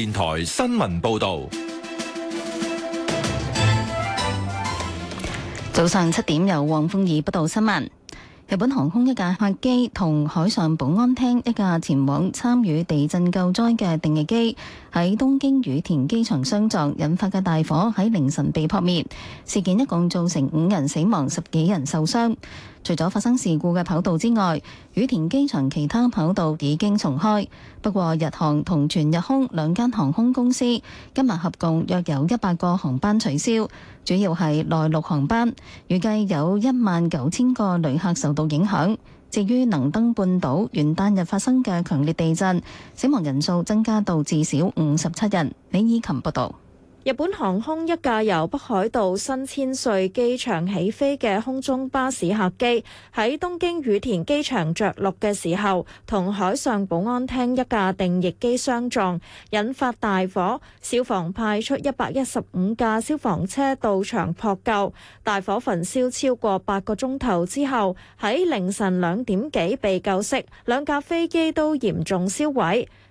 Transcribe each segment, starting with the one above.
電台新聞報道：早上七點，有黃蜂兒報道新聞。日本航空一架客機同海上保安廳一架前往參與地震救災嘅定翼機喺東京羽田機場相撞，引發嘅大火喺凌晨被撲滅。事件一共造成五人死亡，十幾人受傷。除咗發生事故嘅跑道之外，羽田機場其他跑道已經重開。不過，日航同全日空兩間航空公司今日合共約有一百個航班取消，主要係內陸航班，預計有一萬九千個旅客受到影響。至於能登半島元旦日發生嘅強烈地震，死亡人數增加到至少五十七人。李以琴報道。日本航空一架由北海道新千歲機場起飛嘅空中巴士客機喺東京羽田機場着陸嘅時候，同海上保安廳一架定翼機相撞，引發大火。消防派出一百一十五架消防車到場撲救，大火焚燒超過八個鐘頭之後，喺凌晨兩點幾被救熄。兩架飛機都嚴重燒毀。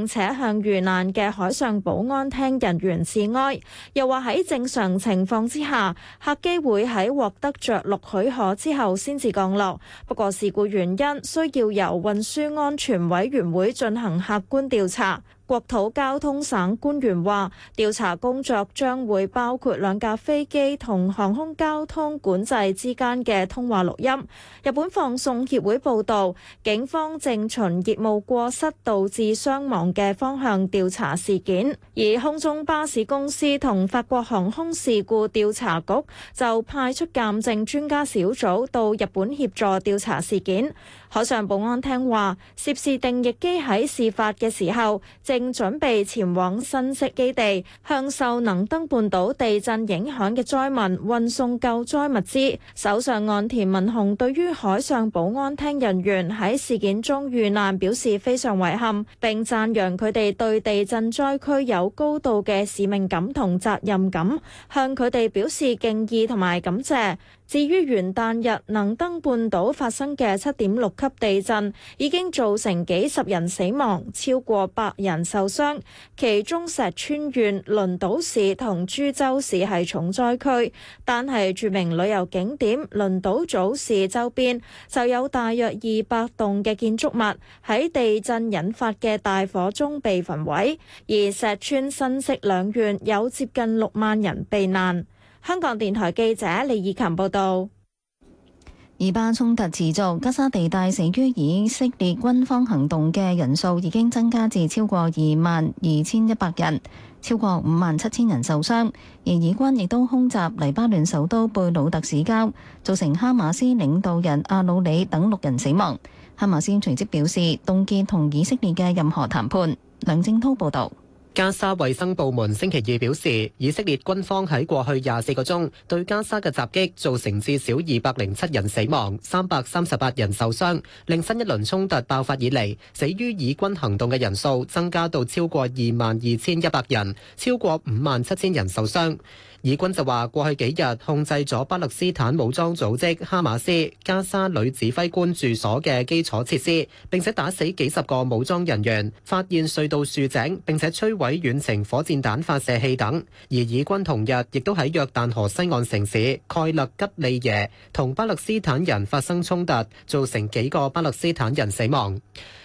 並且向遇難嘅海上保安廳人員致哀，又話喺正常情況之下，客機會喺獲得着陸許可之後先至降落。不過，事故原因需要由運輸安全委員會進行客觀調查。國土交通省官員話，調查工作將會包括兩架飛機同航空交通管制之間嘅通話錄音。日本放送協會報道，警方正循業務過失導致傷亡嘅方向調查事件，而空中巴士公司同法國航空事故調查局就派出鑑證專家小組到日本協助調查事件。海上保安廳話，涉事定翼機喺事發嘅時候即。正準備前往新潟基地，向受能登半島地震影響嘅災民運送救災物資。首相岸田文雄對於海上保安廳人員喺事件中遇難表示非常遺憾，並讚揚佢哋對地震災區有高度嘅使命感同責任感，向佢哋表示敬意同埋感謝。至於元旦日能登半島發生嘅七點六級地震，已經造成幾十人死亡，超過百人受傷，其中石川縣、輪島市同珠洲市係重災區。但係著名旅遊景點輪島朝市周邊就有大約二百棟嘅建築物喺地震引發嘅大火中被焚毀，而石川新潟兩縣有接近六萬人避難。香港電台記者李以琴報道，以巴衝突持續，加沙地帶死於以色列軍方行動嘅人數已經增加至超過二萬二千一百人，超過五萬七千人受傷，而以軍亦都空襲黎巴嫩首都貝魯特市郊，造成哈馬斯領導人阿魯里等六人死亡。哈馬斯隨即表示，凍結同以色列嘅任何談判。梁正濤報道。加沙衛生部門星期二表示，以色列軍方喺過去廿四個鐘對加沙嘅襲擊造成至少二百零七人死亡，三百三十八人受傷，令新一輪衝突爆發以嚟死於以軍行動嘅人數增加到超過二萬二千一百人，超過五萬七千人受傷。以軍就話，過去幾日控制咗巴勒斯坦武裝組織哈馬斯加沙女指揮官住所嘅基礎設施，並且打死幾十個武裝人員，發現隧道、樹井，並且摧毀遠程火箭彈發射器等。而以軍同日亦都喺約旦河西岸城市蓋勒吉利耶同巴勒斯坦人發生衝突，造成幾個巴勒斯坦人死亡。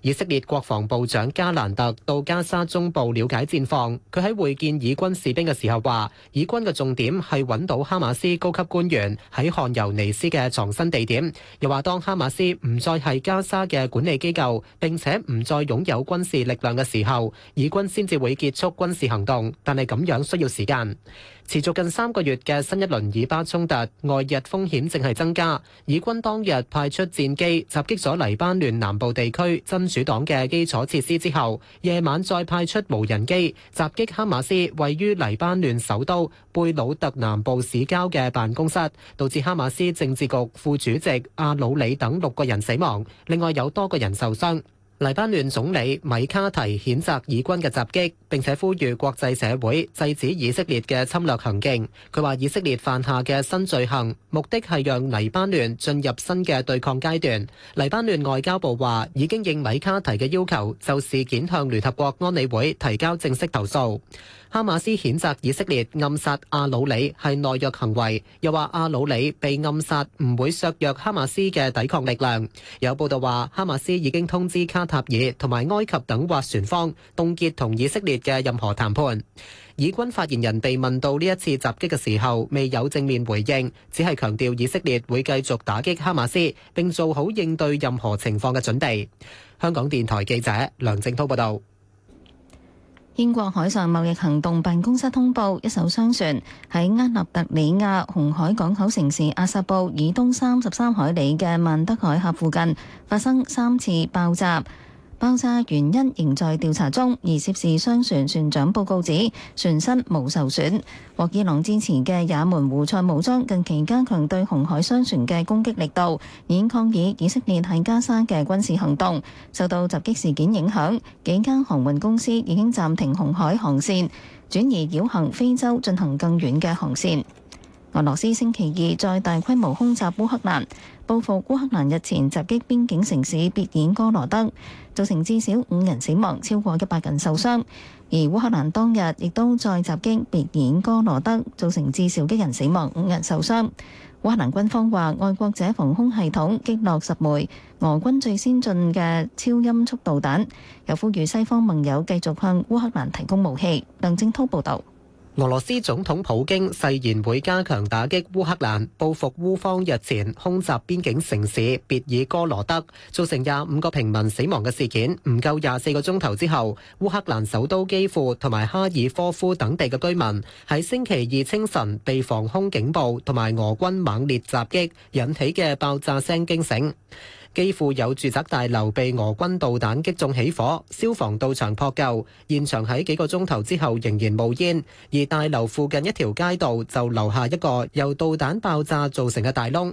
以色列國防部長加蘭特到加沙中部了解戰況，佢喺會見以軍士兵嘅時候話：「以軍嘅……」重點係揾到哈馬斯高級官員喺汗尤尼斯嘅藏身地點。又話當哈馬斯唔再係加沙嘅管理機構，並且唔再擁有軍事力量嘅時候，以軍先至會結束軍事行動。但係咁樣需要時間。持續近三個月嘅新一輪以巴衝突，外日風險正係增加。以軍當日派出戰機襲擊咗黎巴嫩南部地區真主黨嘅基礎設施之後，夜晚再派出無人機襲擊哈馬斯位於黎巴嫩首都貝魯特南部市郊嘅辦公室，導致哈馬斯政治局副主席阿魯里等六個人死亡，另外有多個人受傷。黎巴嫩總理米卡提譴責以軍嘅襲擊，並且呼籲國際社會制止以色列嘅侵略行徑。佢話：以色列犯下嘅新罪行，目的係讓黎巴嫩進入新嘅對抗階段。黎巴嫩外交部話已經應米卡提嘅要求，就事件向聯合國安理會提交正式投訴。哈馬斯譴責以色列暗殺阿魯里係懦弱行為，又話阿魯里被暗殺唔會削弱哈馬斯嘅抵抗力量。有報道話哈馬斯已經通知卡塔爾同埋埃及等划船方凍結同以色列嘅任何談判。以軍發言人被問到呢一次襲擊嘅時候，未有正面回應，只係強調以色列會繼續打擊哈馬斯，并做好應對任何情況嘅準備。香港電台記者梁靜濤報道。英國海上貿易行動辦公室通報，一艘商船喺厄立特里亞紅海港口城市阿薩布以東三十三海里嘅曼德海峽附近發生三次爆炸。爆炸原因仍在調查中，而涉事商船船長報告指船身無受損。獲伊朗支持嘅也門胡塞武裝近期加強對紅海商船嘅攻擊力度，已經抗議以，以色列喺加沙嘅軍事行動，受到襲擊事件影響，幾間航運公司已經暫停紅海航線，轉移繞行非洲進行更遠嘅航線。俄羅斯星期二再大規模空襲烏克蘭，報復烏克蘭日前襲擊邊境城市別爾哥羅德，造成至少五人死亡、超過一百人受傷。而烏克蘭當日亦都再襲擊別爾哥羅德，造成至少一人死亡、五人受傷。烏克蘭軍方話，愛國者防空系統擊落十枚俄軍最先進嘅超音速導彈，又呼籲西方盟友繼續向烏克蘭提供武器。鄧正濤報導。俄羅斯總統普京誓言會加強打擊烏克蘭，報復烏方日前空襲邊境城市別爾哥羅德，造成廿五個平民死亡嘅事件。唔夠廿四個鐘頭之後，烏克蘭首都基輔同埋哈爾科夫等地嘅居民喺星期二清晨被防空警報同埋俄軍猛烈襲擊引起嘅爆炸聲驚醒。幾乎有住宅大樓被俄軍導彈擊中起火，消防到場撲救，現場喺幾個鐘頭之後仍然冒煙，而大樓附近一條街道就留下一個由導彈爆炸造成嘅大窿。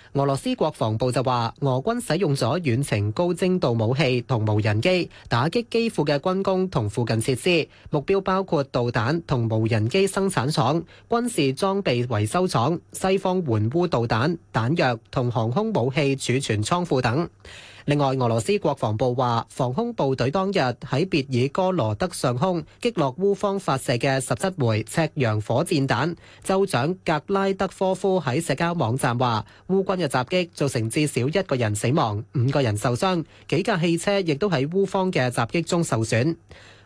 俄羅斯國防部就話，俄軍使用咗遠程高精度武器同無人機，打擊機庫嘅軍工同附近設施，目標包括導彈同無人機生產廠、軍事裝備維修廠、西方援烏導彈、彈藥同航空武器儲存倉庫等。另外，俄羅斯國防部話，防空部隊當日喺別爾哥羅德上空擊落烏方發射嘅十七枚赤楊火箭彈。州長格拉德科夫喺社交網站話，烏軍嘅襲擊造成至少一個人死亡，五個人受傷，幾架汽車亦都喺烏方嘅襲擊中受損。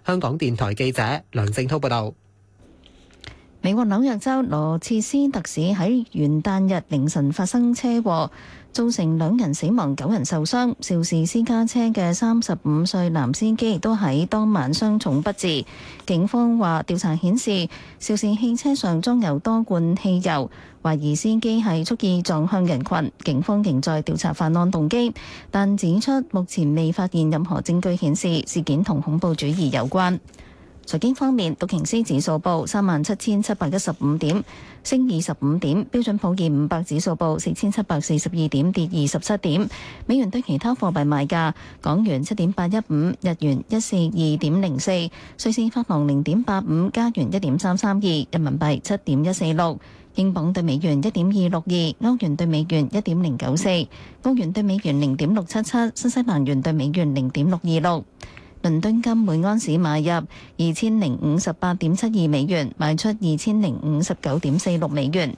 香港電台記者梁正滔報道。美國紐約州羅切斯特市喺元旦日凌晨發生車禍，造成兩人死亡，九人受傷。肇事私家車嘅三十五歲男司機亦都喺當晚傷重不治。警方話調查顯示，肇事汽車上裝有多罐汽油，懷疑司機係蓄意撞向人群。警方仍在調查犯案動機，但指出目前未發現任何證據顯示事件同恐怖主義有關。財經方面，道瓊斯指數報3萬7千715點，升25點；標準普爾500指數報4千7百42點，跌27點。美元對其他貨幣賣價：港元7.815，日元142.04，瑞士法郎0.85，加元1.332，人民幣7.146，英鎊對美元1.262，歐元對美元1.094，澳元對美元0.677，新西蘭元對美元0.626。倫敦金每安士買入二千零五十八點七二美元，賣出二千零五十九點四六美元。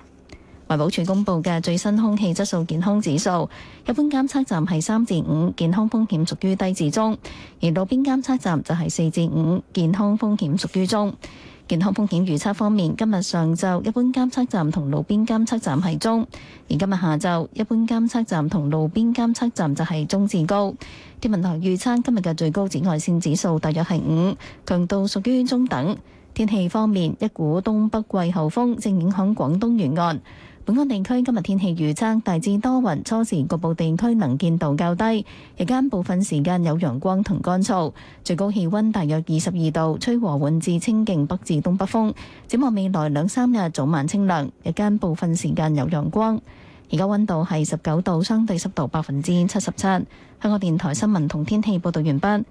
環保署公布嘅最新空氣質素健康指數，一般監測站係三至五，健康風險屬於低至中；而路邊監測站就係四至五，健康風險屬於中。健康風險預測方面，今日上晝一般監測站同路邊監測站係中，而今日下晝一般監測站同路邊監測站就係中至高。天文台預測今日嘅最高紫外線指數大約係五，強度屬於中等。天氣方面，一股東北季候風正影響廣東沿岸。本港地區今日天氣預測大致多雲，初時局部地區能見度較低，日間部分時間有陽光同乾燥，最高氣溫大約二十二度，吹和緩至清勁北至東北風。展望未來兩三日，早晚清涼，日間部分時間有陽光。而家溫度係十九度，相對濕度百分之七十七。香港電台新聞同天氣報道完畢。